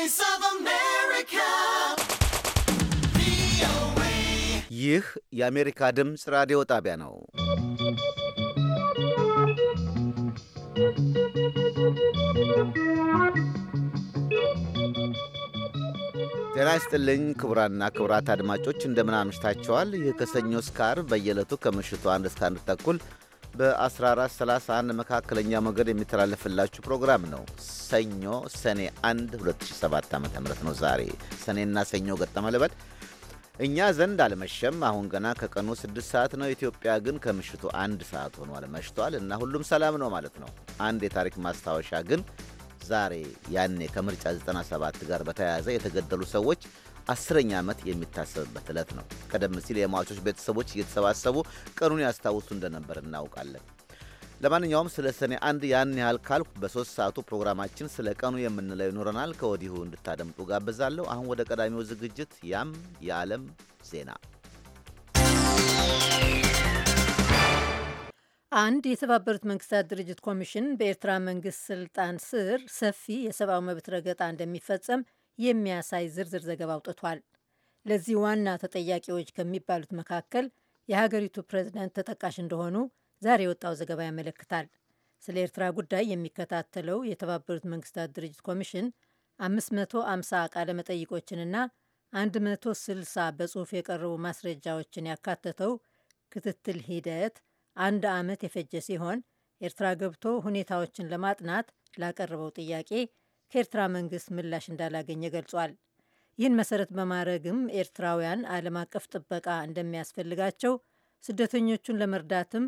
Voice ይህ የአሜሪካ ድምፅ ራዲዮ ጣቢያ ነው። ጤና ይስጥልኝ ክቡራና ክቡራት አድማጮች እንደምን አምሽታቸዋል። ይህ ከሰኞ እስከ ዓርብ በየዕለቱ ከምሽቱ አንድ እስከ አንድ ተኩል በ1431 መካከለኛ ሞገድ የሚተላለፍላችሁ ፕሮግራም ነው። ሰኞ ሰኔ 1 2007 ዓ ም ነው ዛሬ። ሰኔና ሰኞ ገጠመ ልበል። እኛ ዘንድ አልመሸም። አሁን ገና ከቀኑ 6 ሰዓት ነው። ኢትዮጵያ ግን ከምሽቱ አንድ ሰዓት ሆኗል፣ መሽቷል እና ሁሉም ሰላም ነው ማለት ነው። አንድ የታሪክ ማስታወሻ ግን ዛሬ ያኔ ከምርጫ 97 ጋር በተያያዘ የተገደሉ ሰዎች አስረኛ ዓመት የሚታሰብበት ዕለት ነው። ቀደም ሲል የሟቾች ቤተሰቦች እየተሰባሰቡ ቀኑን ያስታውሱ እንደነበር እናውቃለን። ለማንኛውም ስለ ሰኔ አንድ ያን ያህል ካልኩ በሶስት ሰዓቱ ፕሮግራማችን ስለ ቀኑ የምንለው ይኖረናል። ከወዲሁ እንድታደምጡ ጋብዛለሁ። አሁን ወደ ቀዳሚው ዝግጅት ያም የዓለም ዜና አንድ የተባበሩት መንግስታት ድርጅት ኮሚሽን በኤርትራ መንግስት ስልጣን ስር ሰፊ የሰብአዊ መብት ረገጣ እንደሚፈጸም የሚያሳይ ዝርዝር ዘገባ አውጥቷል። ለዚህ ዋና ተጠያቂዎች ከሚባሉት መካከል የሀገሪቱ ፕሬዚዳንት ተጠቃሽ እንደሆኑ ዛሬ የወጣው ዘገባ ያመለክታል። ስለ ኤርትራ ጉዳይ የሚከታተለው የተባበሩት መንግስታት ድርጅት ኮሚሽን 550 ቃለ መጠይቆችንና 160 በጽሑፍ የቀረቡ ማስረጃዎችን ያካተተው ክትትል ሂደት አንድ ዓመት የፈጀ ሲሆን ኤርትራ ገብቶ ሁኔታዎችን ለማጥናት ላቀረበው ጥያቄ ከኤርትራ መንግስት ምላሽ እንዳላገኘ ገልጿል። ይህን መሰረት በማድረግም ኤርትራውያን ዓለም አቀፍ ጥበቃ እንደሚያስፈልጋቸው፣ ስደተኞቹን ለመርዳትም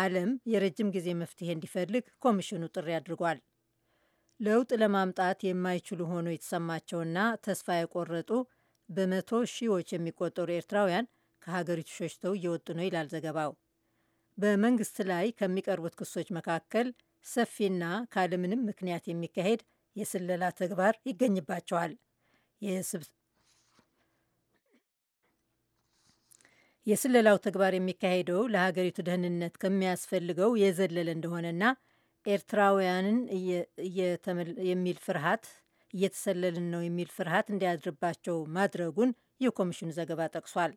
ዓለም የረጅም ጊዜ መፍትሄ እንዲፈልግ ኮሚሽኑ ጥሪ አድርጓል። ለውጥ ለማምጣት የማይችሉ ሆኖ የተሰማቸውና ተስፋ የቆረጡ በመቶ ሺዎች የሚቆጠሩ ኤርትራውያን ከሀገሪቱ ሸሽተው እየወጡ ነው ይላል ዘገባው። በመንግስት ላይ ከሚቀርቡት ክሶች መካከል ሰፊና ካለምንም ምክንያት የሚካሄድ የስለላ ተግባር ይገኝባቸዋል። የስለላው ተግባር የሚካሄደው ለሀገሪቱ ደህንነት ከሚያስፈልገው የዘለለ እንደሆነና ኤርትራውያንን የሚል ፍርሃት እየተሰለልን ነው የሚል ፍርሃት እንዲያድርባቸው ማድረጉን የኮሚሽኑ ዘገባ ጠቅሷል።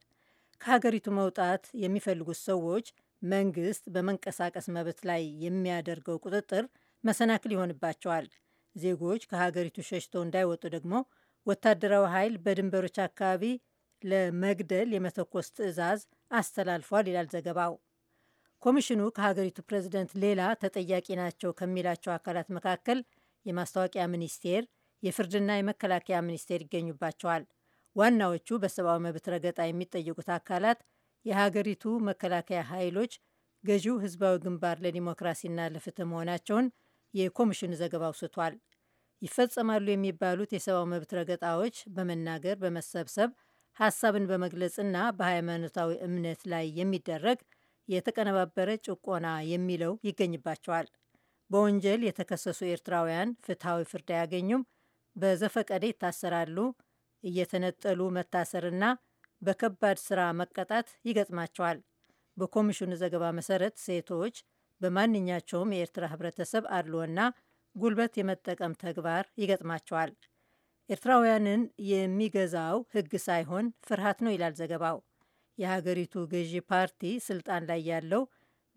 ከሀገሪቱ መውጣት የሚፈልጉት ሰዎች መንግስት በመንቀሳቀስ መብት ላይ የሚያደርገው ቁጥጥር መሰናክል ይሆንባቸዋል። ዜጎች ከሀገሪቱ ሸሽተው እንዳይወጡ ደግሞ ወታደራዊ ኃይል በድንበሮች አካባቢ ለመግደል የመተኮስ ትዕዛዝ አስተላልፏል ይላል ዘገባው። ኮሚሽኑ ከሀገሪቱ ፕሬዚደንት ሌላ ተጠያቂ ናቸው ከሚላቸው አካላት መካከል የማስታወቂያ ሚኒስቴር፣ የፍርድና የመከላከያ ሚኒስቴር ይገኙባቸዋል። ዋናዎቹ በሰብአዊ መብት ረገጣ የሚጠየቁት አካላት የሀገሪቱ መከላከያ ኃይሎች፣ ገዢው ህዝባዊ ግንባር ለዲሞክራሲና ለፍትህ መሆናቸውን የኮሚሽኑ ዘገባ አውስቷል። ይፈጸማሉ የሚባሉት የሰብአዊ መብት ረገጣዎች በመናገር በመሰብሰብ ሀሳብን በመግለጽና በሃይማኖታዊ እምነት ላይ የሚደረግ የተቀነባበረ ጭቆና የሚለው ይገኝባቸዋል። በወንጀል የተከሰሱ ኤርትራውያን ፍትሐዊ ፍርድ አያገኙም፣ በዘፈቀደ ይታሰራሉ፣ እየተነጠሉ መታሰርና በከባድ ስራ መቀጣት ይገጥማቸዋል። በኮሚሽኑ ዘገባ መሰረት ሴቶች በማንኛቸውም የኤርትራ ህብረተሰብ አድልዎና ጉልበት የመጠቀም ተግባር ይገጥማቸዋል። ኤርትራውያንን የሚገዛው ህግ ሳይሆን ፍርሃት ነው ይላል ዘገባው። የሀገሪቱ ገዢ ፓርቲ ስልጣን ላይ ያለው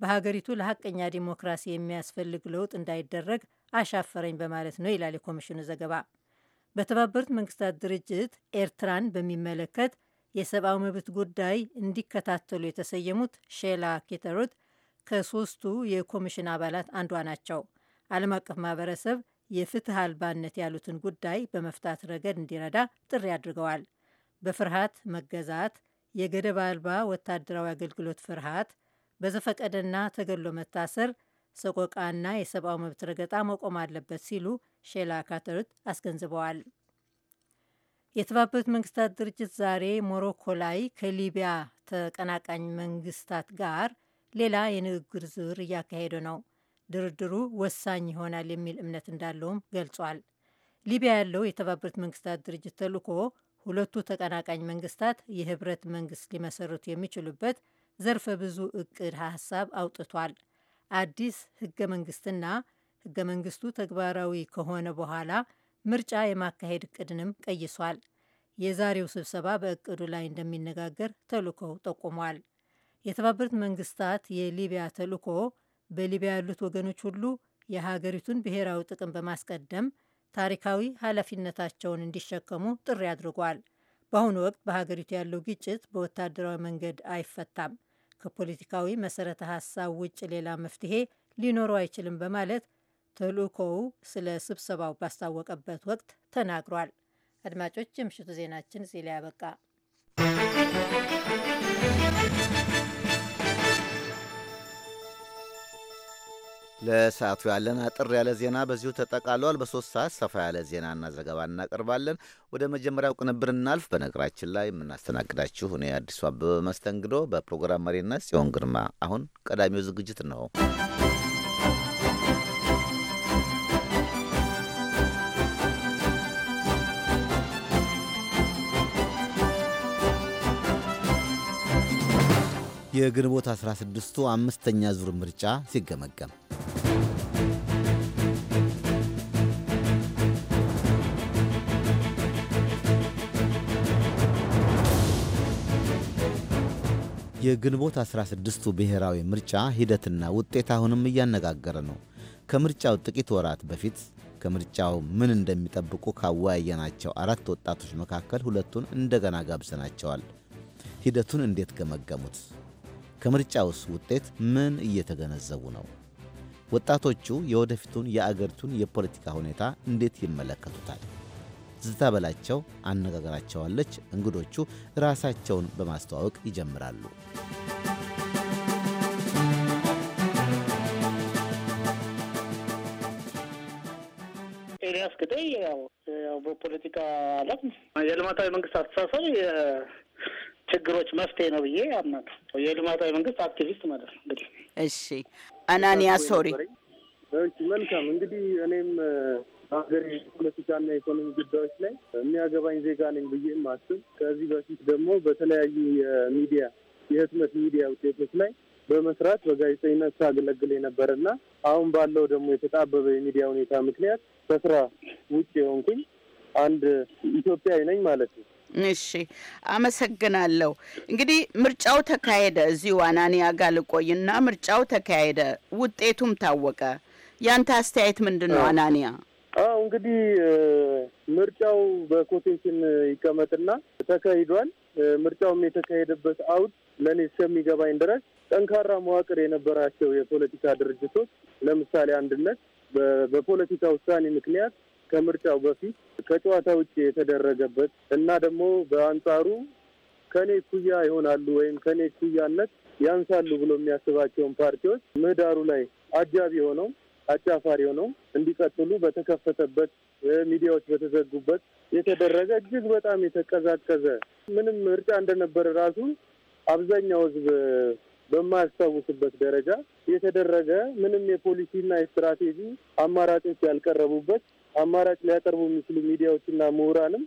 በሀገሪቱ ለሀቀኛ ዲሞክራሲ የሚያስፈልግ ለውጥ እንዳይደረግ አሻፈረኝ በማለት ነው ይላል የኮሚሽኑ ዘገባ። በተባበሩት መንግስታት ድርጅት ኤርትራን በሚመለከት የሰብአዊ መብት ጉዳይ እንዲከታተሉ የተሰየሙት ሼላ ኬተሩት ከሶስቱ የኮሚሽን አባላት አንዷ ናቸው። ዓለም አቀፍ ማህበረሰብ የፍትህ አልባነት ያሉትን ጉዳይ በመፍታት ረገድ እንዲረዳ ጥሪ አድርገዋል። በፍርሃት መገዛት፣ የገደብ አልባ ወታደራዊ አገልግሎት ፍርሃት፣ በዘፈቀደና ተገሎ መታሰር፣ ሰቆቃና የሰብአዊ መብት ረገጣ መቆም አለበት ሲሉ ሼላ ካተርት አስገንዝበዋል። የተባበሩት መንግስታት ድርጅት ዛሬ ሞሮኮ ላይ ከሊቢያ ተቀናቃኝ መንግስታት ጋር ሌላ የንግግር ዙር እያካሄደ ነው። ድርድሩ ወሳኝ ይሆናል የሚል እምነት እንዳለውም ገልጿል። ሊቢያ ያለው የተባበሩት መንግስታት ድርጅት ተልኮ ሁለቱ ተቀናቃኝ መንግስታት የህብረት መንግስት ሊመሰርቱ የሚችሉበት ዘርፈ ብዙ እቅድ ሀሳብ አውጥቷል። አዲስ ህገ መንግስትና ህገ መንግስቱ ተግባራዊ ከሆነ በኋላ ምርጫ የማካሄድ እቅድንም ቀይሷል። የዛሬው ስብሰባ በእቅዱ ላይ እንደሚነጋገር ተልኮ ጠቁሟል። የተባበሩት መንግስታት የሊቢያ ተልእኮ በሊቢያ ያሉት ወገኖች ሁሉ የሀገሪቱን ብሔራዊ ጥቅም በማስቀደም ታሪካዊ ኃላፊነታቸውን እንዲሸከሙ ጥሪ አድርጓል። በአሁኑ ወቅት በሀገሪቱ ያለው ግጭት በወታደራዊ መንገድ አይፈታም፣ ከፖለቲካዊ መሰረተ ሀሳብ ውጭ ሌላ መፍትሄ ሊኖረው አይችልም በማለት ተልእኮው ስለ ስብሰባው ባስታወቀበት ወቅት ተናግሯል። አድማጮች፣ የምሽቱ ዜናችን እዚህ ላይ ያበቃ። ለሰዓቱ ያለን አጥር ያለ ዜና በዚሁ ተጠቃሏል። በሶስት ሰዓት ሰፋ ያለ ዜናና ዘገባ እናቀርባለን። ወደ መጀመሪያው ቅንብር እናልፍ። በነገራችን ላይ የምናስተናግዳችሁ እኔ አዲሱ አበበ መስተንግዶ፣ በፕሮግራም መሪነት ጽዮን ግርማ። አሁን ቀዳሚው ዝግጅት ነው። የግንቦት 16ቱ አምስተኛ ዙር ምርጫ ሲገመገም የግንቦት 16ቱ ብሔራዊ ምርጫ ሂደትና ውጤት አሁንም እያነጋገረ ነው። ከምርጫው ጥቂት ወራት በፊት ከምርጫው ምን እንደሚጠብቁ ካወያየናቸው አራት ወጣቶች መካከል ሁለቱን እንደገና ጋብዘናቸዋል። ሂደቱን እንዴት ገመገሙት? ከምርጫውስ ውጤት ምን እየተገነዘቡ ነው? ወጣቶቹ የወደፊቱን የአገሪቱን የፖለቲካ ሁኔታ እንዴት ይመለከቱታል? ዝታ በላቸው አነጋገራቸዋለች። እንግዶቹ ራሳቸውን በማስተዋወቅ ይጀምራሉ። ኤልያስ ግደይ ያው በፖለቲካ ዓለም የልማታዊ መንግስት አስተሳሰብ ችግሮች መፍትሄ ነው ብዬ አምናለሁ። የልማታዊ መንግስት አክቲቪስት ማለት ነው እንግዲህ። እሺ አናኒያ ሶሪ። እሺ መልካም እንግዲህ እኔም ሀገር የፖለቲካና የኢኮኖሚ ጉዳዮች ላይ የሚያገባኝ ዜጋ ነኝ ብዬ አስብ። ከዚህ በፊት ደግሞ በተለያዩ የሚዲያ የህትመት ሚዲያ ውጤቶች ላይ በመስራት በጋዜጠኝነት ሳገለግል እና አሁን ባለው ደግሞ የተጣበበ የሚዲያ ሁኔታ ምክንያት ከስራ ውጭ የሆንኩኝ አንድ ኢትዮጵያዊ ነኝ ማለት ነው። እሺ አመሰግናለሁ። እንግዲህ ምርጫው ተካሄደ። እዚሁ አናንያ ጋር ልቆይና ምርጫው ተካሄደ፣ ውጤቱም ታወቀ። ያንተ አስተያየት ምንድን ነው አናንያ? አዎ እንግዲህ ምርጫው በኮቴሽን ይቀመጥና ተካሂዷል። ምርጫውም የተካሄደበት አውድ ለእኔ እስከሚገባኝ ድረስ ጠንካራ መዋቅር የነበራቸው የፖለቲካ ድርጅቶች ለምሳሌ አንድነት በፖለቲካ ውሳኔ ምክንያት ከምርጫው በፊት ከጨዋታ ውጭ የተደረገበት እና ደግሞ በአንጻሩ ከኔ ኩያ ይሆናሉ ወይም ከኔ ኩያነት ያንሳሉ ብሎ የሚያስባቸውን ፓርቲዎች ምህዳሩ ላይ አጃቢ የሆነው አጫፋሪ የሆነው እንዲቀጥሉ በተከፈተበት ሚዲያዎች በተዘጉበት የተደረገ እጅግ በጣም የተቀዛቀዘ ምንም ምርጫ እንደነበረ ራሱ አብዛኛው ህዝብ በማያስታውስበት ደረጃ የተደረገ ምንም የፖሊሲና የስትራቴጂ አማራጮች ያልቀረቡበት አማራጭ ሊያቀርቡ የሚችሉ ሚዲያዎችና ምሁራንም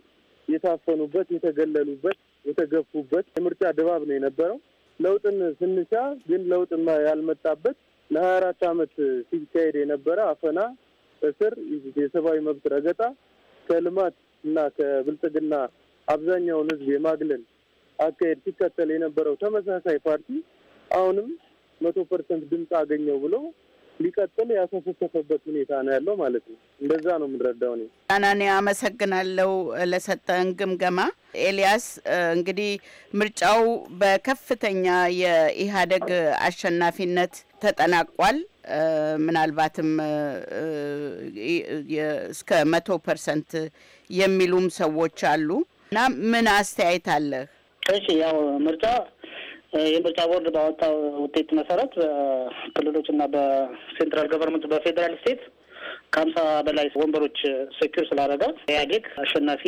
የታፈኑበት፣ የተገለሉበት፣ የተገፉበት የምርጫ ድባብ ነው የነበረው። ለውጥን ስንሻ ግን ለውጥ ያልመጣበት ለሀያ አራት አመት ሲካሄድ የነበረ አፈና፣ እስር፣ የሰብአዊ መብት ረገጣ ከልማት እና ከብልጽግና አብዛኛውን ህዝብ የማግለል አካሄድ ሲከተል የነበረው ተመሳሳይ ፓርቲ አሁንም መቶ ፐርሰንት ድምፅ አገኘው ብሎ ሊቀጥል ያሰሰሰፈበት ሁኔታ ነው ያለው ማለት ነው። እንደዛ ነው የምንረዳው። እኔ አናንያ አመሰግናለሁ ለሰጠን ግምገማ። ኤልያስ እንግዲህ ምርጫው በከፍተኛ የኢህአዴግ አሸናፊነት ተጠናቋል። ምናልባትም እስከ መቶ ፐርሰንት የሚሉም ሰዎች አሉ እና ምን አስተያየት አለህ? እሺ ያው ምርጫ የምርጫ ቦርድ ባወጣው ውጤት መሰረት በክልሎች እና በሴንትራል ገቨርንመንት በፌዴራል ስቴት ከሀምሳ በላይ ወንበሮች ሴኪር ስላደረገ ኢህአዴግ አሸናፊ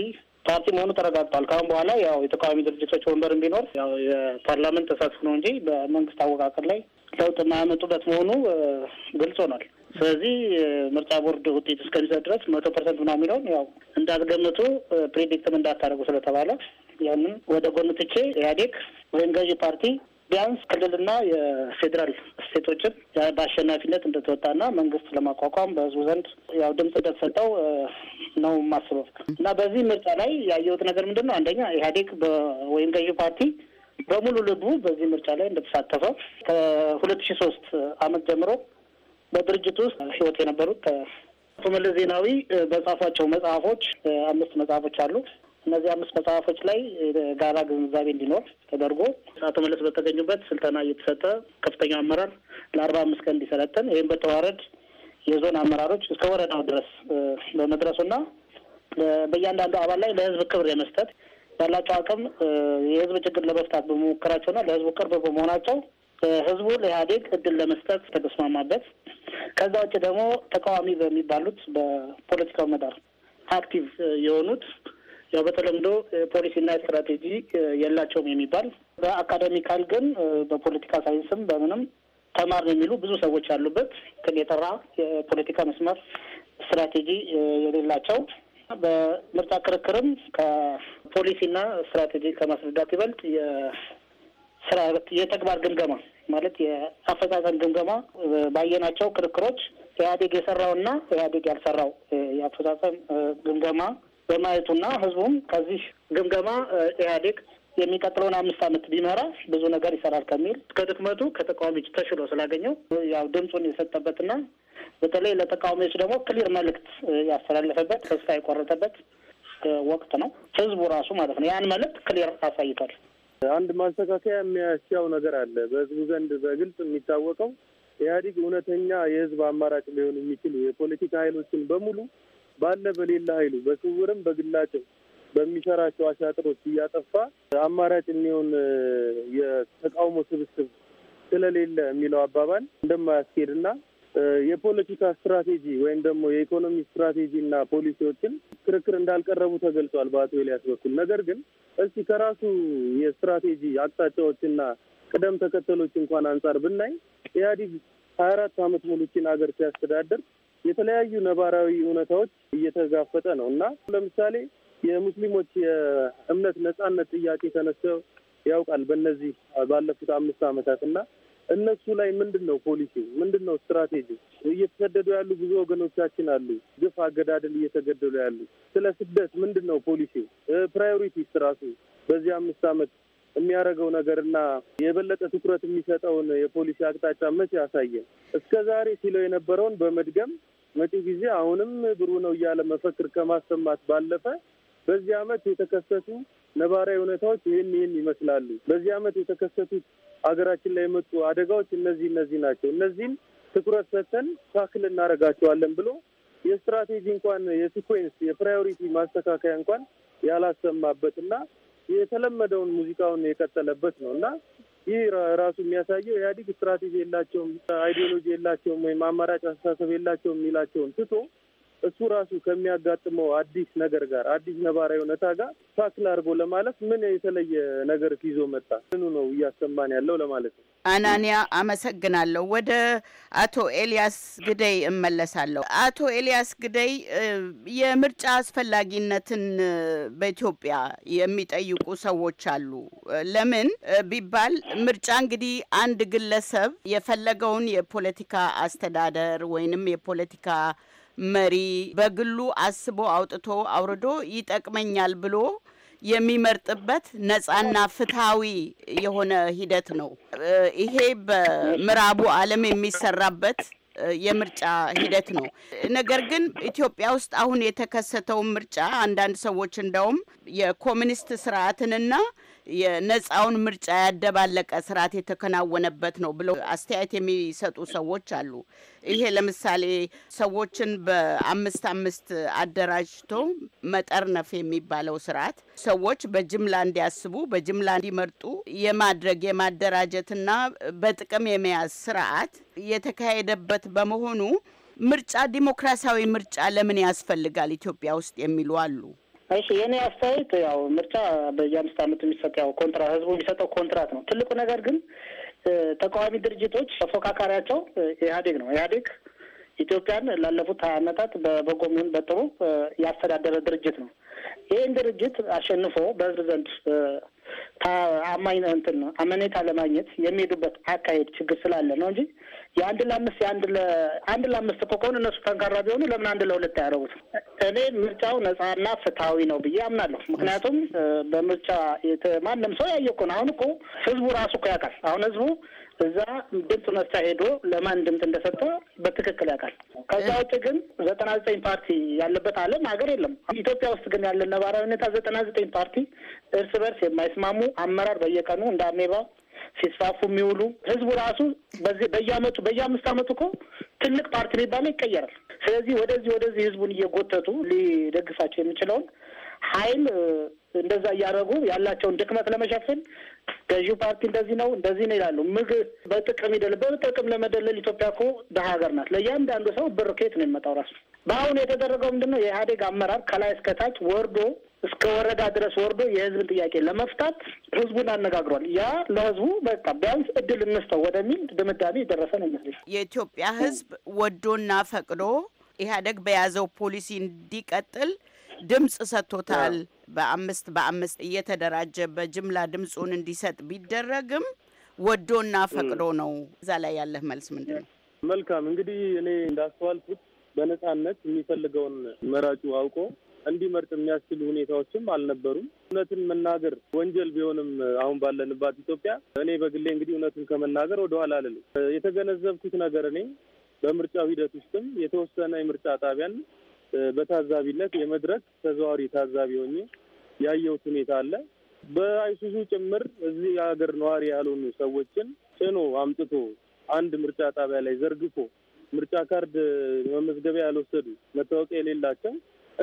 ፓርቲ መሆኑ ተረጋግጧል። ካሁን በኋላ ያው የተቃዋሚ ድርጅቶች ወንበር ቢኖር ያው የፓርላመንት ተሳትፎ ነው እንጂ በመንግስት አወቃቀር ላይ ለውጥ የማያመጡበት መሆኑ ግልጽ ሆኗል። ስለዚህ ምርጫ ቦርድ ውጤት እስከሚሰጥ ድረስ መቶ ፐርሰንት ምናምን የሚለውን ያው እንዳትገምቱ ፕሬዲክትም እንዳታደርጉ ስለተባለ ያንን ወደ ጎን ትቼ ኢህአዴግ ወይም ገዢ ፓርቲ ቢያንስ ክልልና የፌዴራል ስቴቶችን በአሸናፊነት እንደተወጣና መንግስት ለማቋቋም በህዝቡ ዘንድ ያው ድምጽ እንደተሰጠው ነው የማስበው እና በዚህ ምርጫ ላይ ያየሁት ነገር ምንድን ነው? አንደኛ ኢህአዴግ ወይም ገዢ ፓርቲ በሙሉ ልቡ በዚህ ምርጫ ላይ እንደተሳተፈ ከሁለት ሺ ሶስት አመት ጀምሮ በድርጅት ውስጥ ህይወት የነበሩት አቶ መለስ ዜናዊ በጻፏቸው መጽሐፎች አምስት መጽሐፎች አሉ እነዚህ አምስት መጽሐፎች ላይ ጋራ ግንዛቤ እንዲኖር ተደርጎ አቶ መለስ በተገኙበት ስልጠና እየተሰጠ ከፍተኛው አመራር ለአርባ አምስት ቀን እንዲሰለጥን ይህም በተዋረድ የዞን አመራሮች እስከ ወረዳው ድረስ በመድረሱና በእያንዳንዱ አባል ላይ ለህዝብ ክብር የመስጠት ያላቸው አቅም የህዝብ ችግር ለመፍታት በመሞከራቸውና ለህዝቡ ቅርብ በመሆናቸው ህዝቡ ለኢህአዴግ እድል ለመስጠት ተስማማበት። ከዛ ውጭ ደግሞ ተቃዋሚ በሚባሉት በፖለቲካው መዳር አክቲቭ የሆኑት ያው በተለምዶ ፖሊሲና ስትራቴጂ የላቸውም የሚባል በአካደሚካል ግን በፖለቲካ ሳይንስም በምንም ተማር የሚሉ ብዙ ሰዎች ያሉበት ግን የጠራ የፖለቲካ መስመር ስትራቴጂ የሌላቸው በምርጫ ክርክርም ከፖሊሲና ስትራቴጂ ከማስረዳት ይበልጥ የስራ የተግባር ግምገማ ማለት የአፈጻጸም ግምገማ ባየናቸው ክርክሮች ኢህአዴግ የሰራውና ኢህአዴግ ያልሰራው የአፈጻጸም ግምገማ በማየቱና ህዝቡም ከዚህ ግምገማ ኢህአዴግ የሚቀጥለውን አምስት ዓመት ቢመራ ብዙ ነገር ይሰራል ከሚል ከድክመቱ ከተቃዋሚዎች ተሽሎ ስላገኘው ያው ድምፁን የሰጠበትና በተለይ ለተቃዋሚዎች ደግሞ ክሊር መልእክት ያስተላለፈበት ተስፋ የቆረጠበት ወቅት ነው። ህዝቡ ራሱ ማለት ነው። ያን መልእክት ክሊር አሳይቷል። አንድ ማስተካከያ የሚያስያው ነገር አለ። በህዝቡ ዘንድ በግልጽ የሚታወቀው ኢህአዲግ እውነተኛ የህዝብ አማራጭ ሊሆን የሚችሉ የፖለቲካ ኃይሎችን በሙሉ ባለ በሌላ ኃይሉ በስውርም በግላቸው በሚሰራቸው አሻጥሮች እያጠፋ አማራጭ የሚሆን የተቃውሞ ስብስብ ስለሌለ የሚለው አባባል እንደማያስኬድና የፖለቲካ ስትራቴጂ ወይም ደግሞ የኢኮኖሚ ስትራቴጂና ፖሊሲዎችን ክርክር እንዳልቀረቡ ተገልጿል በአቶ ኤልያስ በኩል። ነገር ግን እስቲ ከራሱ የስትራቴጂ አቅጣጫዎችና ቅደም ተከተሎች እንኳን አንጻር ብናይ ኢህአዲግ ሀያ አራት ዓመት ሙሉ ችን ሀገር ሲያስተዳደር የተለያዩ ነባራዊ እውነታዎች እየተጋፈጠ ነው እና ለምሳሌ የሙስሊሞች የእምነት ነጻነት ጥያቄ ተነስተው ያውቃል በእነዚህ ባለፉት አምስት ዓመታት እና እነሱ ላይ ምንድን ነው ፖሊሲ፣ ምንድን ነው ስትራቴጂ? እየተሰደዱ ያሉ ብዙ ወገኖቻችን አሉ፣ ግፍ አገዳደል እየተገደሉ ያሉ። ስለ ስደት ምንድን ነው ፖሊሲ ፕራዮሪቲስ ራሱ በዚህ አምስት ዓመት የሚያደርገው ነገርና የበለጠ ትኩረት የሚሰጠውን የፖሊሲ አቅጣጫ መቼ ያሳየን? እስከ ዛሬ ሲለው የነበረውን በመድገም መጪው ጊዜ አሁንም ብሩ ነው እያለ መፈክር ከማሰማት ባለፈ በዚህ ዓመት የተከሰቱ ነባራዊ ሁኔታዎች ይህን ይህን ይመስላሉ። በዚህ ዓመት የተከሰቱት ሀገራችን ላይ የመጡ አደጋዎች እነዚህ እነዚህ ናቸው። እነዚህም ትኩረት ሰጥተን ታክል እናደርጋቸዋለን ብሎ የስትራቴጂ እንኳን የሲኮንስ የፕራዮሪቲ ማስተካከያ እንኳን ያላሰማበትና የተለመደውን ሙዚቃውን የቀጠለበት ነው እና ይህ ራሱ የሚያሳየው ኢህአዲግ ስትራቴጂ የላቸውም፣ አይዲዮሎጂ የላቸውም፣ ወይም አማራጭ አስተሳሰብ የላቸውም የሚላቸውን ትቶ እሱ ራሱ ከሚያጋጥመው አዲስ ነገር ጋር አዲስ ነባራዊ እውነታ ጋር ታክል አድርጎ ለማለት ምን የተለየ ነገር ይዞ መጣ? ምኑ ነው እያሰማን ያለው ለማለት ነው። አናንያ አመሰግናለሁ። ወደ አቶ ኤልያስ ግደይ እመለሳለሁ። አቶ ኤልያስ ግደይ የምርጫ አስፈላጊነትን በኢትዮጵያ የሚጠይቁ ሰዎች አሉ። ለምን ቢባል ምርጫ እንግዲህ አንድ ግለሰብ የፈለገውን የፖለቲካ አስተዳደር ወይንም የፖለቲካ መሪ በግሉ አስቦ አውጥቶ አውርዶ ይጠቅመኛል ብሎ የሚመርጥበት ነጻና ፍትሐዊ የሆነ ሂደት ነው። ይሄ በምዕራቡ ዓለም የሚሰራበት የምርጫ ሂደት ነው። ነገር ግን ኢትዮጵያ ውስጥ አሁን የተከሰተውን ምርጫ አንዳንድ ሰዎች እንደውም የኮሚኒስት ስርዓትንና የነፃውን ምርጫ ያደባለቀ ስርዓት የተከናወነበት ነው ብለው አስተያየት የሚሰጡ ሰዎች አሉ። ይሄ ለምሳሌ ሰዎችን በአምስት አምስት አደራጅቶ መጠርነፍ የሚባለው ስርዓት ሰዎች በጅምላ እንዲያስቡ፣ በጅምላ እንዲመርጡ የማድረግ የማደራጀትና በጥቅም የመያዝ ስርዓት የተካሄደበት በመሆኑ ምርጫ ዲሞክራሲያዊ ምርጫ ለምን ያስፈልጋል ኢትዮጵያ ውስጥ የሚሉ አሉ። እሺ የእኔ አስተያየት ያው ምርጫ በየአምስት አመቱ የሚሰጥ ያው ኮንትራ ህዝቡ የሚሰጠው ኮንትራት ነው። ትልቁ ነገር ግን ተቃዋሚ ድርጅቶች ተፎካካሪያቸው ኢህአዴግ ነው። ኢህአዴግ ኢትዮጵያን ላለፉት ሀያ አመታት በበጎ በጥሩ ያስተዳደረ ድርጅት ነው። ይህን ድርጅት አሸንፎ በህዝብ ዘንድ አማኝ እንትን አመኔታ ለማግኘት የሚሄዱበት አካሄድ ችግር ስላለ ነው እንጂ የአንድ ለአምስት የአንድ ለአንድ ለአምስት እኮ ከሆነ እነሱ ጠንካራ ቢሆኑ ለምን አንድ ለሁለት አያደረጉትም? እኔ ምርጫው ነጻና ፍትሐዊ ነው ብዬ አምናለሁ። ምክንያቱም በምርጫ ማንም ሰው ያየ እኮ ነው። አሁን እኮ ህዝቡ ራሱ እኮ ያውቃል። አሁን ህዝቡ እዛ ድምፅ መስጫ ሄዶ ለማን ድምፅ እንደሰጠ በትክክል ያውቃል። ከዛ ውጭ ግን ዘጠና ዘጠኝ ፓርቲ ያለበት ዓለም ሀገር የለም። ኢትዮጵያ ውስጥ ግን ያለ ነባራዊ ሁኔታ ዘጠና ዘጠኝ ፓርቲ እርስ በርስ የማይስማሙ አመራር በየቀኑ እንደ አሜባ ሲስፋፉ የሚውሉ ህዝቡ ራሱ በየአመቱ በየአምስት አመቱ እኮ ትልቅ ፓርቲ የሚባለው ይቀየራል። ስለዚህ ወደዚህ ወደዚህ ህዝቡን እየጎተቱ ሊደግፋቸው የሚችለውን ሀይል እንደዛ እያደረጉ ያላቸውን ድክመት ለመሸፈን ገዢው ፓርቲ እንደዚህ ነው እንደዚህ ነው ይላሉ። ምግ በጥቅም ይደል በጥቅም ለመደለል ኢትዮጵያ እኮ ድሀ ሀገር ናት። ለእያንዳንዱ ሰው ብር ከየት ነው የሚመጣው? ራሱ በአሁኑ የተደረገው ምንድን ነው? የኢህአዴግ አመራር ከላይ እስከታች ወርዶ እስከ ወረዳ ድረስ ወርዶ የህዝብን ጥያቄ ለመፍታት ህዝቡን አነጋግሯል። ያ ለህዝቡ በቃ ቢያንስ እድል እንስተው ወደሚል ድምዳሜ የደረሰ ነው ይመስለኛል። የኢትዮጵያ ህዝብ ወዶና ፈቅዶ ኢህአዴግ በያዘው ፖሊሲ እንዲቀጥል ድምፅ ሰጥቶታል። በአምስት በአምስት እየተደራጀ በጅምላ ድምፁን እንዲሰጥ ቢደረግም ወዶና ፈቅዶ ነው። እዛ ላይ ያለህ መልስ ምንድን ነው? መልካም እንግዲህ እኔ እንዳስተዋልኩት በነጻነት የሚፈልገውን መራጩ አውቆ እንዲመርጥ የሚያስችሉ ሁኔታዎችም አልነበሩም። እውነትን መናገር ወንጀል ቢሆንም አሁን ባለንባት ኢትዮጵያ እኔ በግሌ እንግዲህ እውነትን ከመናገር ወደኋላ አልልም። የተገነዘብኩት ነገር እኔ በምርጫው ሂደት ውስጥም የተወሰነ የምርጫ ጣቢያን በታዛቢነት የመድረክ ተዘዋዋሪ ታዛቢ ሆኜ ያየሁት ሁኔታ አለ። በአይሱሱ ጭምር እዚህ የሀገር ነዋሪ ያልሆኑ ሰዎችን ጭኖ አምጥቶ አንድ ምርጫ ጣቢያ ላይ ዘርግፎ ምርጫ ካርድ መመዝገቢያ ያልወሰዱ መታወቂያ የሌላቸው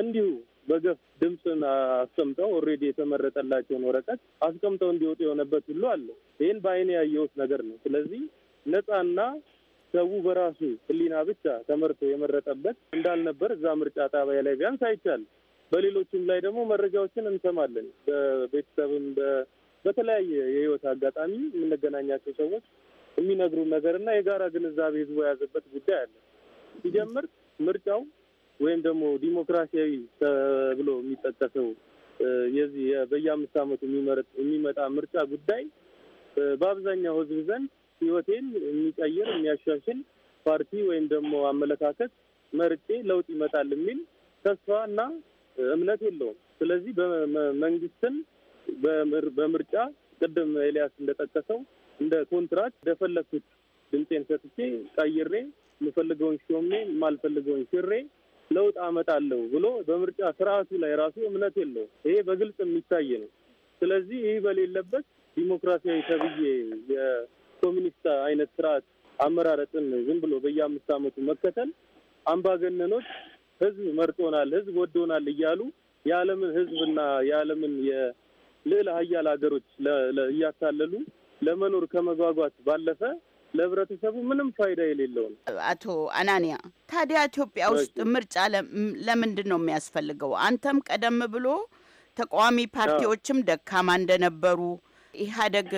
እንዲሁ በገፍ ድምፅን አስቀምጠው ኦሬዲ የተመረጠላቸውን ወረቀት አስቀምጠው እንዲወጡ የሆነበት ሁሉ አለ። ይህን በአይን ያየሁት ነገር ነው። ስለዚህ ነጻና ሰው በራሱ ህሊና ብቻ ተመርቶ የመረጠበት እንዳልነበር እዛ ምርጫ ጣቢያ ላይ ቢያንስ አይቻል። በሌሎችም ላይ ደግሞ መረጃዎችን እንሰማለን። በቤተሰብም በተለያየ የህይወት አጋጣሚ የምንገናኛቸው ሰዎች የሚነግሩ ነገር እና የጋራ ግንዛቤ ህዝቡ የያዘበት ጉዳይ አለ። ሲጀምር ምርጫው ወይም ደግሞ ዲሞክራሲያዊ ተብሎ የሚጠቀሰው የዚህ በየአምስት ዓመቱ የሚመጣ ምርጫ ጉዳይ በአብዛኛው ህዝብ ዘንድ ህይወቴን የሚቀይር የሚያሻሽል ፓርቲ ወይም ደግሞ አመለካከት መርጬ ለውጥ ይመጣል የሚል ተስፋ እና እምነት የለውም። ስለዚህ መንግስትን በምርጫ ቅድም ኤልያስ እንደጠቀሰው እንደ ኮንትራት እንደፈለግኩት ድምፄን ሰጥቼ ቀይሬ የምፈልገውን ሾሜ የማልፈልገውን ሽሬ ለውጥ አመጣለሁ ብሎ በምርጫ ስርዓቱ ላይ ራሱ እምነት የለውም። ይሄ በግልጽ የሚታይ ነው። ስለዚህ ይህ በሌለበት ዲሞክራሲያዊ ተብዬ የኮሚኒስት አይነት ስርዓት አመራረጥን ዝም ብሎ በየአምስት ዓመቱ መከተል አምባገነኖች ህዝብ መርጦናል፣ ህዝብ ወዶናል እያሉ የዓለምን ህዝብና የዓለምን የልዕለ ሀያል ሀገሮች እያታለሉ ለመኖር ከመጓጓት ባለፈ ለህብረተሰቡ ምንም ፋይዳ የሌለው ነው። አቶ አናንያ ታዲያ ኢትዮጵያ ውስጥ ምርጫ ለምንድን ነው የሚያስፈልገው? አንተም ቀደም ብሎ ተቃዋሚ ፓርቲዎችም ደካማ እንደነበሩ ኢህአዴግ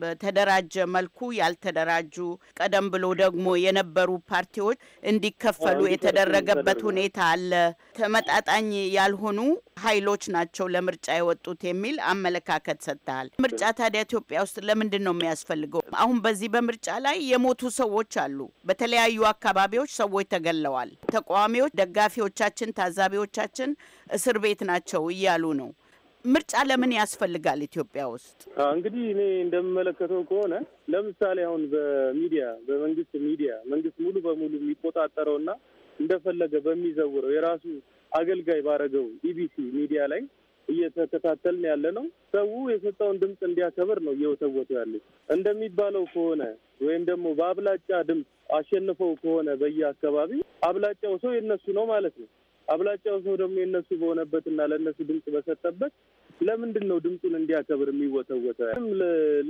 በተደራጀ መልኩ ያልተደራጁ ቀደም ብሎ ደግሞ የነበሩ ፓርቲዎች እንዲከፈሉ የተደረገበት ሁኔታ አለ። ተመጣጣኝ ያልሆኑ ኃይሎች ናቸው ለምርጫ የወጡት የሚል አመለካከት ሰጥተሃል። ምርጫ ታዲያ ኢትዮጵያ ውስጥ ለምንድን ነው የሚያስፈልገው? አሁን በዚህ በምርጫ ላይ የሞቱ ሰዎች አሉ። በተለያዩ አካባቢዎች ሰዎች ተገለዋል። ተቃዋሚዎች፣ ደጋፊዎቻችን፣ ታዛቢዎቻችን እስር ቤት ናቸው እያሉ ነው። ምርጫ ለምን ያስፈልጋል ኢትዮጵያ ውስጥ? እንግዲህ እኔ እንደምመለከተው ከሆነ ለምሳሌ አሁን በሚዲያ በመንግስት ሚዲያ መንግስት ሙሉ በሙሉ የሚቆጣጠረውና እንደፈለገ በሚዘውረው የራሱ አገልጋይ ባረገው ኢቢሲ ሚዲያ ላይ እየተከታተልን ያለ ነው። ሰው የሰጠውን ድምፅ እንዲያከብር ነው እየወተወቱ ያለች። እንደሚባለው ከሆነ ወይም ደግሞ በአብላጫ ድምፅ አሸንፈው ከሆነ በየአካባቢው አብላጫው ሰው የነሱ ነው ማለት ነው። አብላጫው ሰው ደግሞ የነሱ በሆነበትና ለእነሱ ድምፅ በሰጠበት ለምንድን ነው ድምፁን እንዲያከብር የሚወተወተ?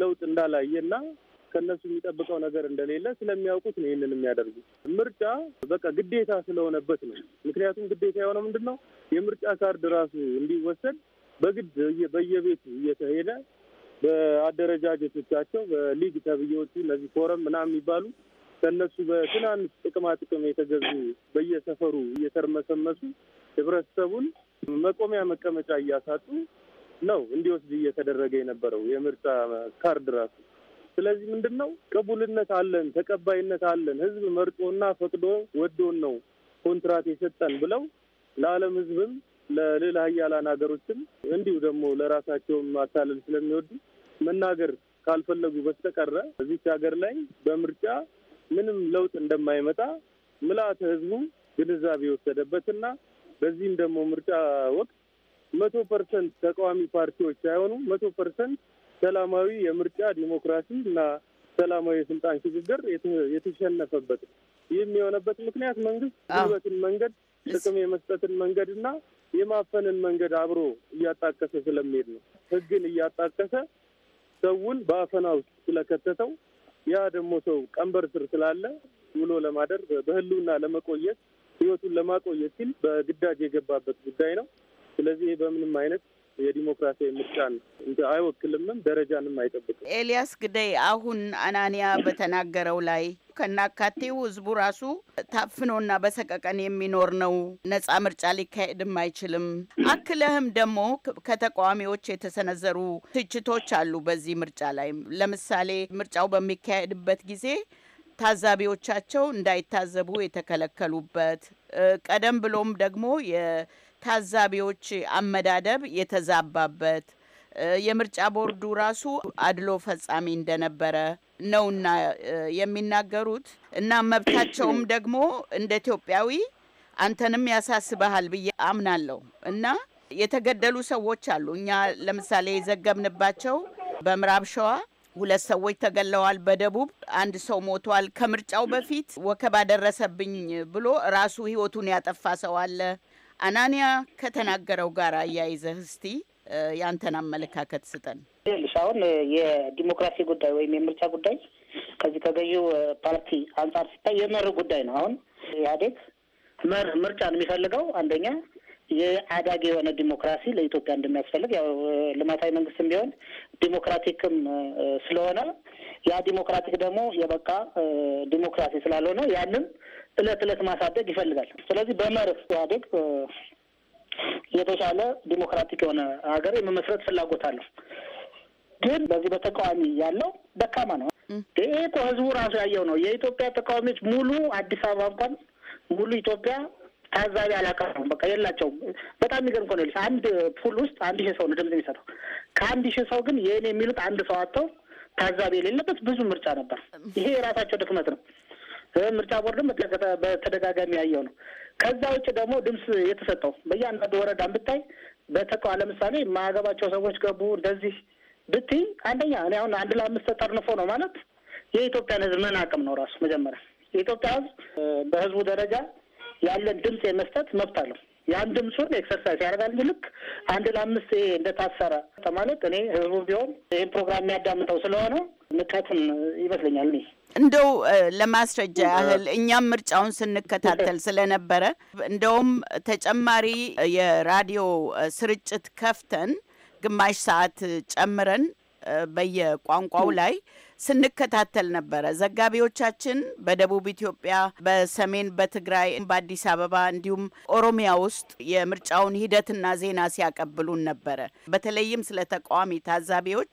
ለውጥ እንዳላየና ከእነሱ የሚጠብቀው ነገር እንደሌለ ስለሚያውቁት ነው ይህንን የሚያደርጉት። ምርጫ በቃ ግዴታ ስለሆነበት ነው። ምክንያቱም ግዴታ የሆነው ምንድን ነው? የምርጫ ካርድ ራሱ እንዲወሰድ በግድ በየቤቱ እየተሄደ በአደረጃጀቶቻቸው በሊግ ተብዬዎቹ እነዚህ ፎረም ምናምን የሚባሉ ከእነሱ በትናንሽ ጥቅማ ጥቅም የተገዙ በየሰፈሩ እየተርመሰመሱ ህብረተሰቡን መቆሚያ መቀመጫ እያሳጡ ነው እንዲወስድ እየተደረገ የነበረው የምርጫ ካርድ ራሱ። ስለዚህ ምንድን ነው ቅቡልነት አለን፣ ተቀባይነት አለን፣ ህዝብ መርጦና ፈቅዶ ወዶን ነው ኮንትራት የሰጠን ብለው ለዓለም ህዝብም ለሌላ ሀያላን ሀገሮችም እንዲሁ ደግሞ ለራሳቸውም ማታለል ስለሚወዱ መናገር ካልፈለጉ በስተቀረ እዚች ሀገር ላይ በምርጫ ምንም ለውጥ እንደማይመጣ ምልአተ ህዝቡ ግንዛቤ የወሰደበትና በዚህም ደግሞ ምርጫ ወቅት መቶ ፐርሰንት ተቃዋሚ ፓርቲዎች ሳይሆኑ መቶ ፐርሰንት ሰላማዊ የምርጫ ዲሞክራሲ እና ሰላማዊ የስልጣን ሽግግር የተሸነፈበት ይህም የሆነበት ምክንያት መንግስት ጉልበትን መንገድ ጥቅም የመስጠትን መንገድ እና የማፈንን መንገድ አብሮ እያጣቀሰ ስለሚሄድ ነው። ህግን እያጣቀሰ ሰውን በአፈና ውስጥ ስለከተተው ያ ደግሞ ሰው ቀንበር ስር ስላለ ውሎ ለማደር በህልውና ለመቆየት ህይወቱን ለማቆየት ሲል በግዳጅ የገባበት ጉዳይ ነው። ስለዚህ ይህ በምንም አይነት የዲሞክራሲያዊ ምርጫን አይወክልምም፣ ደረጃንም አይጠብቅም። ኤልያስ ግደይ አሁን አናንያ በተናገረው ላይ ከናካቴው ህዝቡ ራሱ ታፍኖና በሰቀቀን የሚኖር ነው፣ ነጻ ምርጫ ሊካሄድም አይችልም። አክለህም ደግሞ ከተቃዋሚዎች የተሰነዘሩ ትችቶች አሉ በዚህ ምርጫ ላይ ለምሳሌ ምርጫው በሚካሄድበት ጊዜ ታዛቢዎቻቸው እንዳይታዘቡ የተከለከሉበት ቀደም ብሎም ደግሞ ታዛቢዎች አመዳደብ የተዛባበት የምርጫ ቦርዱ ራሱ አድሎ ፈጻሚ እንደነበረ ነውና የሚናገሩት እና መብታቸውም ደግሞ እንደ ኢትዮጵያዊ አንተንም ያሳስበሃል ብዬ አምናለሁ እና የተገደሉ ሰዎች አሉ። እኛ ለምሳሌ የዘገብንባቸው በምዕራብ ሸዋ ሁለት ሰዎች ተገለዋል። በደቡብ አንድ ሰው ሞቷል። ከምርጫው በፊት ወከባ ደረሰብኝ ብሎ ራሱ ሕይወቱን ያጠፋ ሰው አለ። አናንያ ከተናገረው ጋር አያይዘህ እስቲ ያንተን አመለካከት ስጠን። ልሽ አሁን የዲሞክራሲ ጉዳይ ወይም የምርጫ ጉዳይ ከዚህ ከገዢው ፓርቲ አንጻር ሲታይ የመር ጉዳይ ነው። አሁን ኢህአዴግ መር ምርጫ የሚፈልገው። አንደኛ የአዳጊ የሆነ ዲሞክራሲ ለኢትዮጵያ እንደሚያስፈልግ ያው ልማታዊ መንግስትም ቢሆን ዲሞክራቲክም ስለሆነ ያ ዲሞክራቲክ ደግሞ የበቃ ዲሞክራሲ ስላልሆነ ያንን እለት እለት ማሳደግ ይፈልጋል። ስለዚህ በመርህ ኢህአዴግ የተሻለ ዲሞክራቲክ የሆነ ሀገር የመመስረት ፍላጎት አለው። ግን በዚህ በተቃዋሚ ያለው ደካማ ነው። ይሄ እኮ ህዝቡ ራሱ ያየው ነው። የኢትዮጵያ ተቃዋሚዎች ሙሉ አዲስ አበባ እንኳን ሙሉ ኢትዮጵያ ታዛቢ አላቀረቡም። በቃ የላቸውም። በጣም የሚገርም እኮ ነው። አንድ ፑል ውስጥ አንድ ሺህ ሰው ነው ድምጽ የሚሰጠው። ከአንድ ሺህ ሰው ግን ይህን የሚሉት አንድ ሰው አጥተው ታዛቢ የሌለበት ብዙ ምርጫ ነበር። ይሄ የራሳቸው ድክመት ነው። ምርጫ ቦርድም በተደጋጋሚ ያየው ነው። ከዛ ውጭ ደግሞ ድምፅ የተሰጠው በእያንዳንዱ ወረዳን ብታይ በተቃ ለምሳሌ ማያገባቸው ሰዎች ገቡ እንደዚህ ብትይ፣ አንደኛ እኔ አሁን አንድ ለአምስት ተጠርንፎ ነው ማለት የኢትዮጵያን ሕዝብ ምን አቅም ነው ራሱ መጀመሪያ የኢትዮጵያ ሕዝብ በሕዝቡ ደረጃ ያለን ድምፅ የመስጠት መብት አለው። የአንድም ሱን ኤክሰርሳይዝ ያደርጋል። ልክ አንድ ለአምስት እንደታሰረ ማለት እኔ ህዝቡ ቢሆን ይህን ፕሮግራም የሚያዳምጠው ስለሆነ ንቀትን ይመስለኛል እኔ እንደው ለማስረጃ ያህል እኛም ምርጫውን ስንከታተል ስለነበረ እንደውም ተጨማሪ የራዲዮ ስርጭት ከፍተን ግማሽ ሰዓት ጨምረን በየቋንቋው ላይ ስንከታተል ነበረ። ዘጋቢዎቻችን በደቡብ ኢትዮጵያ፣ በሰሜን በትግራይ፣ በአዲስ አበባ እንዲሁም ኦሮሚያ ውስጥ የምርጫውን ሂደትና ዜና ሲያቀብሉን ነበረ። በተለይም ስለ ተቃዋሚ ታዛቢዎች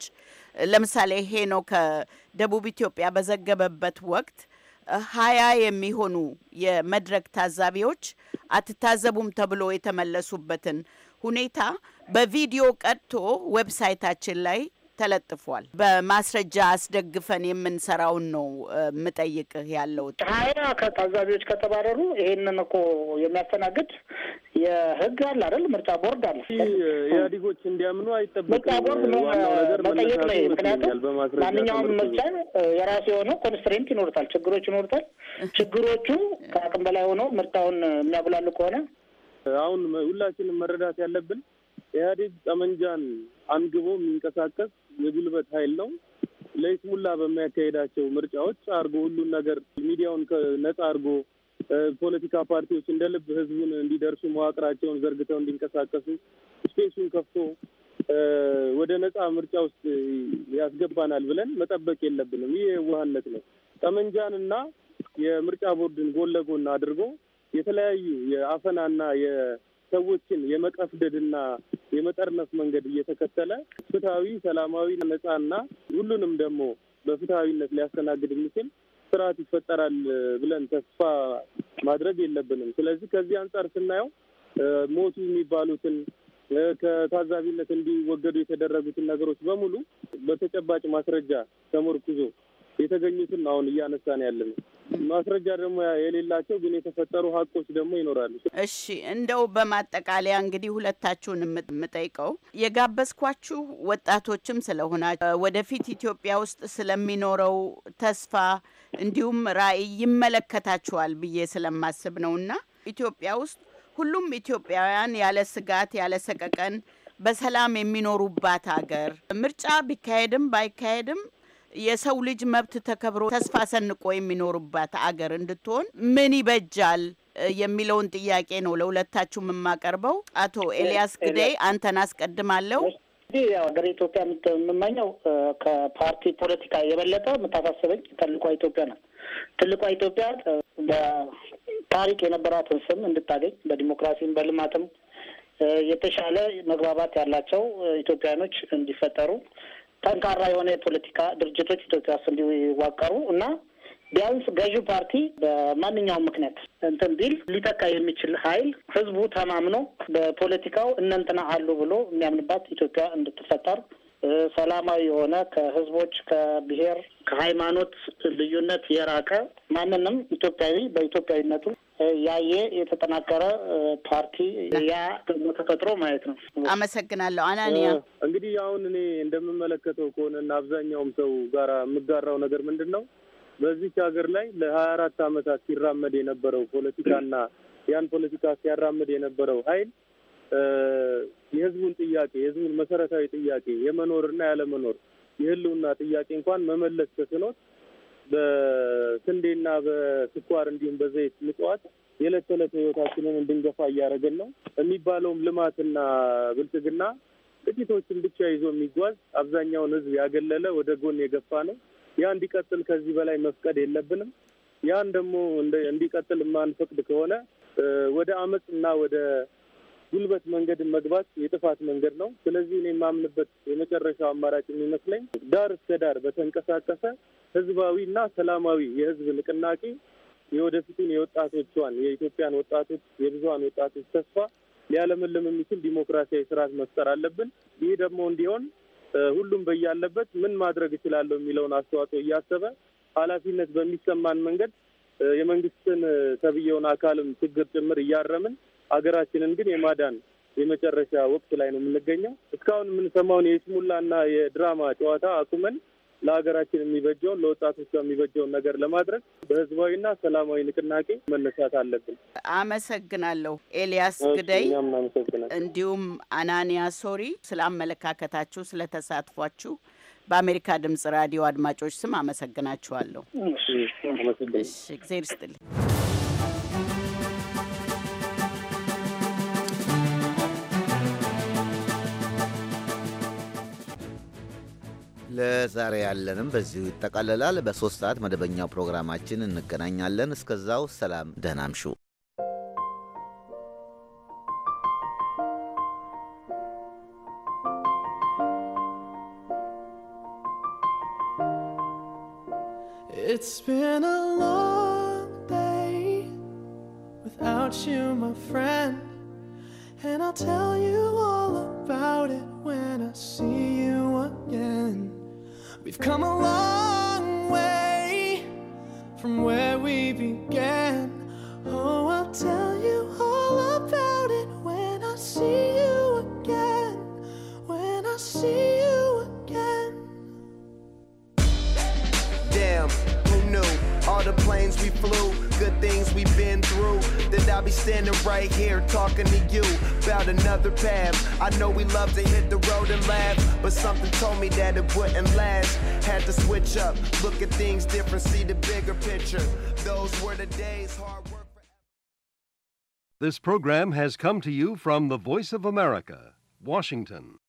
ለምሳሌ ሄኖ ከደቡብ ኢትዮጵያ በዘገበበት ወቅት ሀያ የሚሆኑ የመድረክ ታዛቢዎች አትታዘቡም ተብሎ የተመለሱበትን ሁኔታ በቪዲዮ ቀድቶ ዌብሳይታችን ላይ ተለጥፏል። በማስረጃ አስደግፈን የምንሰራውን ነው የምጠይቅህ። ያለሁት ሀያ ከታዛቢዎች ከተባረሩ ይሄንን እኮ የሚያስተናግድ የህግ አለ አይደል? ምርጫ ቦርድ አለ። ኢህአዴጎች እንዲያምኑ አይጠበቅም። ምርጫ ቦርድ መጠየቅ ነው። ምክንያቱም ማንኛውም ምርጫ የራሱ የሆነ ኮንስትሬንት ይኖርታል፣ ችግሮች ይኖርታል። ችግሮቹ ከአቅም በላይ ሆነው ምርጫውን የሚያጉላሉ ከሆነ አሁን ሁላችንም መረዳት ያለብን ኢህአዴግ ጠመንጃን አንግቦ የሚንቀሳቀስ የጉልበት ኃይል ነው። ለይስሙላ በሚያካሄዳቸው ምርጫዎች አድርጎ ሁሉን ነገር ሚዲያውን ነጻ አድርጎ ፖለቲካ ፓርቲዎች እንደ ልብ ህዝቡን እንዲደርሱ መዋቅራቸውን ዘርግተው እንዲንቀሳቀሱ ስፔሱን ከፍቶ ወደ ነጻ ምርጫ ውስጥ ያስገባናል ብለን መጠበቅ የለብንም። ይህ የዋህነት ነው። ጠመንጃንና የምርጫ ቦርድን ጎን ለጎን አድርጎ የተለያዩ የአፈናና ሰዎችን የመቀፍደድና የመጠርነፍ መንገድ እየተከተለ ፍትሐዊ፣ ሰላማዊ፣ ነጻና ሁሉንም ደግሞ በፍትሐዊነት ሊያስተናግድ የሚችል ስርዓት ይፈጠራል ብለን ተስፋ ማድረግ የለብንም። ስለዚህ ከዚህ አንጻር ስናየው ሞቱ የሚባሉትን ከታዛቢነት እንዲወገዱ የተደረጉትን ነገሮች በሙሉ በተጨባጭ ማስረጃ ተሞርኩዞ የተገኙትን አሁን እያነሳን ያለ ነው። ማስረጃ ደግሞ የሌላቸው ግን የተፈጠሩ ሀቆች ደግሞ ይኖራሉ። እሺ እንደው በማጠቃለያ እንግዲህ ሁለታችሁን የምጠይቀው የጋበዝኳችሁ ወጣቶችም ስለሆናችሁ ወደፊት ኢትዮጵያ ውስጥ ስለሚኖረው ተስፋ እንዲሁም ራዕይ ይመለከታችኋል ብዬ ስለማስብ ነው እና ኢትዮጵያ ውስጥ ሁሉም ኢትዮጵያውያን ያለ ስጋት ያለ ሰቀቀን በሰላም የሚኖሩባት ሀገር ምርጫ ቢካሄድም ባይካሄድም የሰው ልጅ መብት ተከብሮ ተስፋ ሰንቆ የሚኖሩባት አገር እንድትሆን ምን ይበጃል የሚለውን ጥያቄ ነው ለሁለታችሁም የማቀርበው። አቶ ኤልያስ ግደይ አንተን አስቀድማለሁ። እንግዲህ ያው ሀገር ኢትዮጵያ የምመኘው ከፓርቲ ፖለቲካ የበለጠ የምታሳስበኝ ትልቋ ኢትዮጵያ ናት። ትልቋ ኢትዮጵያ በታሪክ የነበራትን ስም እንድታገኝ በዲሞክራሲም በልማትም የተሻለ መግባባት ያላቸው ኢትዮጵያኖች እንዲፈጠሩ ጠንካራ የሆነ የፖለቲካ ድርጅቶች ኢትዮጵያ ውስጥ እንዲዋቀሩ እና ቢያንስ ገዢ ፓርቲ በማንኛውም ምክንያት እንትን ቢል ሊተካ የሚችል ኃይል ህዝቡ ተማምኖ በፖለቲካው እነንትና አሉ ብሎ የሚያምንባት ኢትዮጵያ እንድትፈጠር ሰላማዊ የሆነ ከህዝቦች ከብሔር ከሃይማኖት ልዩነት የራቀ ማንንም ኢትዮጵያዊ በኢትዮጵያዊነቱ ያየ የተጠናከረ ፓርቲ ያ ደግሞ ተፈጥሮ ማየት ነው። አመሰግናለሁ። አናኒያ እንግዲህ አሁን እኔ እንደምመለከተው ከሆነና አብዛኛውም ሰው ጋር የምጋራው ነገር ምንድን ነው በዚች ሀገር ላይ ለሀያ አራት አመታት ሲራመድ የነበረው ፖለቲካና ያን ፖለቲካ ሲያራምድ የነበረው ሀይል የህዝቡን ጥያቄ የህዝቡን መሰረታዊ ጥያቄ የመኖርና ያለመኖር የህልውና ጥያቄ እንኳን መመለስ ተስኖት በስንዴና በስኳር እንዲሁም በዘይት ምጽዋት የዕለት ተዕለት ህይወታችንን እንድንገፋ እያደረገን ነው። የሚባለውም ልማትና ብልጽግና ጥቂቶችን ብቻ ይዞ የሚጓዝ አብዛኛውን ህዝብ ያገለለ ወደ ጎን የገፋ ነው። ያ እንዲቀጥል ከዚህ በላይ መፍቀድ የለብንም። ያን ደግሞ እንዲቀጥል የማንፈቅድ ከሆነ ወደ አመፅ እና ወደ ጉልበት መንገድ መግባት የጥፋት መንገድ ነው። ስለዚህ እኔ የማምንበት የመጨረሻው አማራጭ የሚመስለኝ ዳር እስከ ዳር በተንቀሳቀሰ ህዝባዊና ሰላማዊ የህዝብ ንቅናቄ የወደፊቱን የወጣቶቿን የኢትዮጵያን ወጣቶች የብዙሀን ወጣቶች ተስፋ ሊያለመልም የሚችል ዲሞክራሲያዊ ስርዓት መፍጠር አለብን። ይህ ደግሞ እንዲሆን ሁሉም በያለበት ምን ማድረግ እችላለሁ የሚለውን አስተዋጽኦ እያሰበ ኃላፊነት በሚሰማን መንገድ የመንግስትን ተብዬውን አካልም ችግር ጭምር እያረምን ሀገራችንን ግን የማዳን የመጨረሻ ወቅት ላይ ነው የምንገኘው። እስካሁን የምንሰማውን የስሙላና የድራማ ጨዋታ አቁመን ለሀገራችን የሚበጀውን ለወጣቶቿ የሚበጀውን ነገር ለማድረግ በህዝባዊና ሰላማዊ ንቅናቄ መነሳት አለብን። አመሰግናለሁ ኤልያስ ግደይ፣ እንዲሁም አናንያ ሶሪ ስለ አመለካከታችሁ፣ ስለ ተሳትፏችሁ በአሜሪካ ድምጽ ራዲዮ አድማጮች ስም አመሰግናችኋለሁ። እግዜር ይስጥልኝ። ለዛሬ ያለንም በዚሁ ይጠቃለላል። በሶስት ሰዓት መደበኛው ፕሮግራማችን እንገናኛለን። እስከዛው ሰላም፣ ደህና እምሹ። It's been who knew? All the planes we flew, good things we've been through. Then I'll be standing right here talking to you about another path. I know we love to hit the road and laugh, but something told me that it wouldn't last. Had to switch up, look at things different, see the bigger picture. Those were the days, hard work. This program has come to you from the Voice of America, Washington.